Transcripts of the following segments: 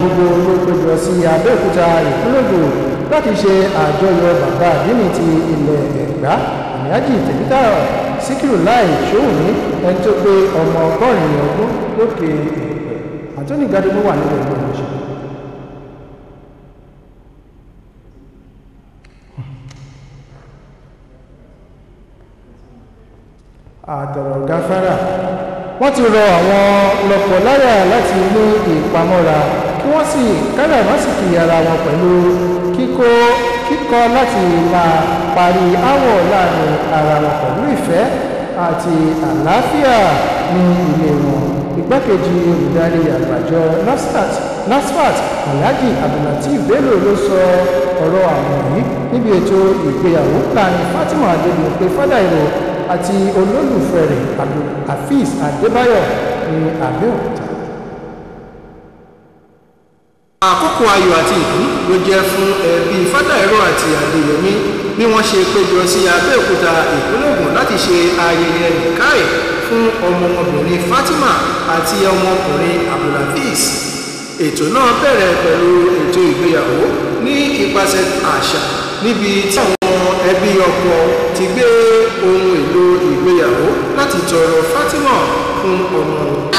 gbogbo olóògbèjọ sí abẹ́òkúta ìpínlẹ̀dọ̀ láti ṣe àjọyọ̀ bàbá àdínì ti ilẹ̀ ẹ̀gbá ìrìnàjì tẹ̀mítàrọ̀ síkírù láì ṣòwòmí ẹni tó pé ọmọ ọgọ́rin ọdún lókè ìpẹ́ àtúnì gádùnmọ́ wà nílẹ̀ ìlú ọ̀ṣun. àtọ̀rọ̀ gáfárà wọ́n ti rọ àwọn lọ́pọ̀ láyà láti ní ìpamọ́ra kí wọ́n sì kẹ́rẹ̀ wọ́n sì fi ara wọn pẹ̀lú kíkó kíkọ́ láti máa parí áwọ̀ láàrin ara wọn pẹ̀lú ìfẹ́ àti àlàáfíà ní ilé wọn igbákejì olùdarí àgbàjọ nasfat nasfat alhaji abdulateef bello ló sọ ọ̀rọ̀ àwọn yìí níbi ètò ìgbéyàwó láàrin fatima adébíyẹ fádàìrò àti olólùfẹ́ rẹ̀ abdulhafiz adébáyọ̀ ní abẹ́òkúta àkókò ayọ̀ àti ìdùnnú ló jẹ́ fún ẹbí Fádàìró àti Adéyẹmí bí wọ́n ṣe péjọ sí Abẹ́òkúta ìpínlẹ̀ Ògùn láti ṣe ayẹyẹ nìkáì fún ọmọbìnrin Fatima àti ọmọkùnrin Abdulhafiz ètò náà bẹ̀rẹ̀ pẹ̀lú ètò ìgbéyàwó ní ìpasẹ̀ àṣà níbi tí àwọn ẹbí ọkọ ti gbé ohun èlò ìgbéyàwó láti tọrọ Fatima fún ọmọ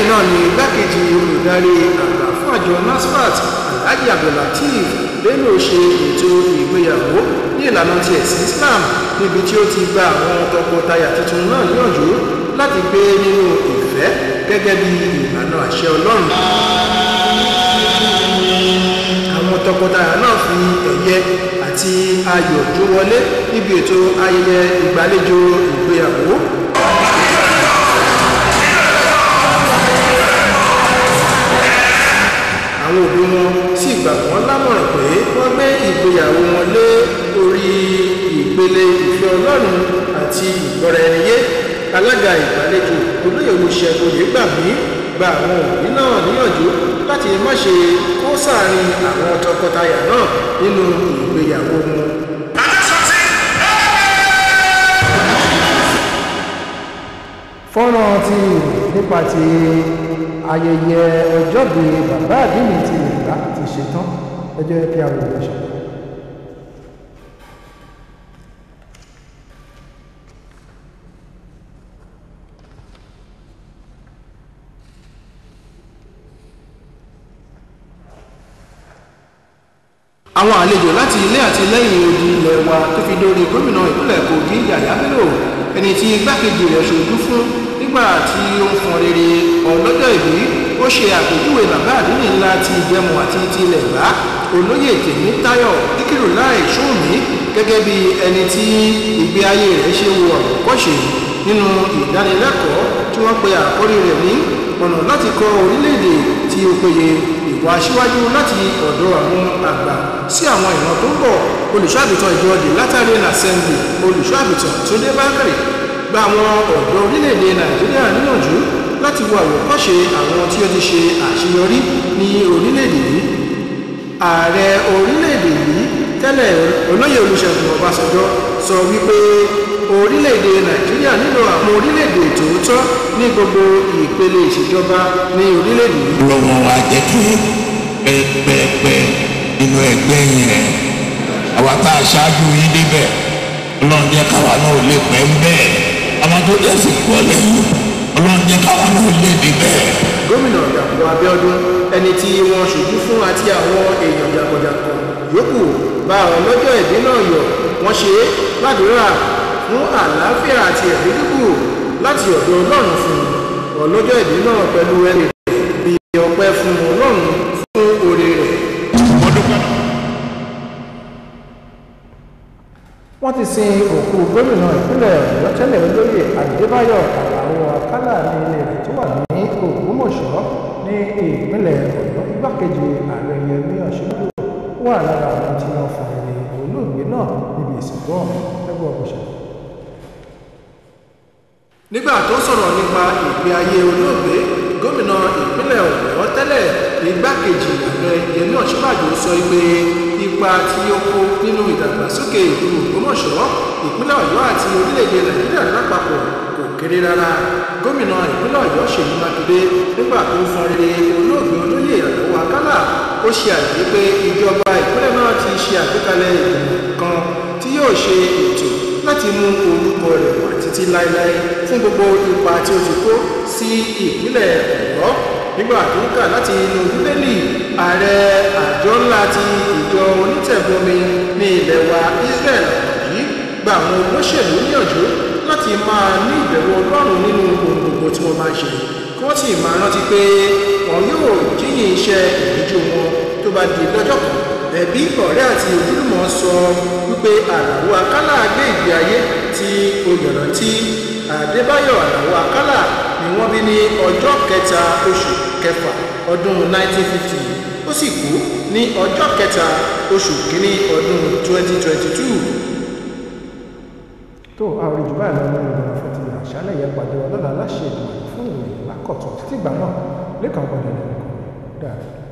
lẹ́yìn náà ni igbákejì olùdarí àgbà fún àjọ nasfat alhaji abdullateef bello ṣe ètò ìgbéyàwó ní ìlànà ti ẹ̀sìn islam níbi tí ó ti gba àwọn tọkọtaya tuntun náà níyànjú láti gbé nínú ìfẹ́ gẹ́gẹ́ bí ìlànà àṣẹ ọlọ́run àwọn tọkọtaya náà fi ẹ̀yẹ àti ayọ̀ jó wọlé níbi ètò ayẹyẹ ìgbàlejò ìgbéyàwó ìgbọ́ràn àti ìgbọ́ra ẹniyé alága ìgbàlejò olóyè Olúṣẹ́gun Oyègbàmí gba àwọn òbí náà níyànjú láti má ṣe kó sáàrin àwọn tọkọtaya náà nínú ìgbéyàwó wọn. fọ́nrán ti nípa ti ayẹyẹ ọjọ́bí bàbá àdínì ti Yorùbá ti ṣetán ẹjọ́ ẹ kí a wò àwọn àlejò láti ilé àti lẹ́yìn odi ilẹ̀ wa tó fi dórí gómìnà ìpínlẹ̀ Kogi Yàyà Bello ẹni tí igbákejì rẹ̀ ṣojú fún nígbà tí ó ń fọn rere ọlọ́jọ́ ìbí ó ṣe àpèjúwe bàbá àdínì ńlá ti ìjẹmu àti ti ilẹ̀ ìbá olóyè tèmi táyọ̀ díkìrùláì ṣóòmí gẹ́gẹ́ bí ẹni tí ìgbé ayé rẹ̀ ṣe wo àwòkọ́ṣe nínú ìdánilẹ́kọ̀ọ́ tí wọ́n pe àkórí rẹ̀ ní ọ̀nà láti kọ́ orílẹ̀-èdè tí ó péye ìwà aṣíwájú láti ọ̀dọ̀ àwọn àgbà sí àwọn ìran tó ń bọ̀ olùṣọ́ àgùntàn ìjọ the lateran assembly olùṣọ́ àgùntàn Túndé Bákàrè gba àwọn ọ̀dọ́ orílẹ̀-èdè Nàìjíríà níyànjú láti wo àwòkọ́ṣe àwọn tí ó ti ṣe àṣeyọrí ní orílẹ̀-èdè yìí ààrẹ orílẹ̀-èdè yìí tẹ́lẹ̀ olóyè Olúṣẹ́gun Ọbásanjọ́ sọ wípé orílẹ̀-èdè Nàìjíríà nílò orílẹ̀-èdè tòótọ́ ní gbogbo ìpele ìṣèjọba ní orílẹ̀-èdè yìí. lọ́wọ́ wa jẹ́ kí pẹ́ẹ́pẹ́ẹ́pẹ́ nínú ẹgbẹ́ yìí rẹ̀ àwa tá a ṣáájú yín débẹ̀ ọlọ́run jẹ́ káwa náà ò lè pẹ́ ń bẹ́ẹ̀ àwọn tó jẹ́ sì pọ̀ lẹ́yìn ọlọ́run jẹ́ káwa náà ò lè débẹ̀. gómìnà Dàpọ̀ Abíọ́dún ẹni tí wọ́n ṣojú fún àti àwọn èèyàn jàǹkànjàǹkàn yòókù bá àwọn lọ́jọ́ ìdí fún àlàáfíà àti ẹ̀mí dídùn láti ọ̀dọ̀ ọlọ́run fún ọlọ́jọ́ ìbí náà pẹ̀lú ẹni bí ọpẹ́ fún ọlọ́run fún oore rẹ̀. wọ́n ti sin òkú gómìnà ìpínlẹ̀ ọ̀yọ́ tẹ́lẹ̀ olóyè àdébáyọ̀ àlàó àkàlà ní ilé rẹ̀ tó wà ní ògbómọ̀ṣọ́ ní ìpínlẹ̀ ọ̀yọ́ igbákejì ààrẹ yẹmí ọ̀ṣọ́dún wà lára àwọn tí wọ́n fún ẹni olóògbé náà níbi ìsìnkú ọ̀hún ẹgbẹ́ ọ̀gbọ̀ṣọ́ nígbà tó sọ̀rọ̀ nípa ìgbé ayé olóògbé gómìnà ìpínlẹ̀ ọ̀yọ́ tẹ́lẹ̀ igbákejì ààrẹ yẹmí ọ̀ṣínbàjò sọ pé ipa tí ó kó nínú ìdàgbàsókè ìlú ògbómọ̀ṣọ́ ìpínlẹ̀ ọ̀yọ́ àti orílẹ̀-èdè nàìjíríà lápapọ̀ kò kéré rárá gómìnà ìpínlẹ̀ ọ̀yọ́ ṣèyí mákindé nígbà tó fọn rere olóògbé olóyè àdánwò akálà ó ṣe àlàyé pé ìjọba ìpínlẹ̀ náà ti ṣe àgbékalẹ̀ ìgbìmọ̀ kan tí yóò ṣe ètò láti mú orúkọ rẹ̀ wá títí láéláé fún gbogbo ipa tí ó ti kó sí ìpínlẹ̀ ọ̀yọ́ nígbà tó ń kà láti inú bíbélì ààrẹ àjọ ńlá ti ìjọ onítẹ̀bọmi ní ilẹ̀ wa Israel yìí gba àwọn olóṣèlú níyànjú láti máa ní ìbẹ̀rù ọlọ́run nínú ohun gbogbo tí wọ́n máa ṣe kí wọ́n sì máa rántí pé wọn yóò jíyìn iṣẹ́ ìrìnjú wọn tó bá di lọ́jọ́ kan ẹbí ọ̀rẹ́ àti ojúlùmọ̀ sọ wípé àlàó akálà gbé adébáyọ̀ àdàwọ̀ àkàlà ni wọ́n bí ní ọjọ́ kẹta oṣù kẹfà ọdún 1950 ó sì kú ní ọjọ́ kẹta oṣù kìíní ọdún 2022. tó àwọn ìjùbá ìlànà ìgbìmọ̀ fún ti àṣálẹ̀ yẹn pàdé ọlọ́lá aláṣẹ ìdìbò fún ìròyìn lákọ̀tún títí ìgbà náà lẹ́kàn padà lẹ́kọ̀ọ́ dáadáa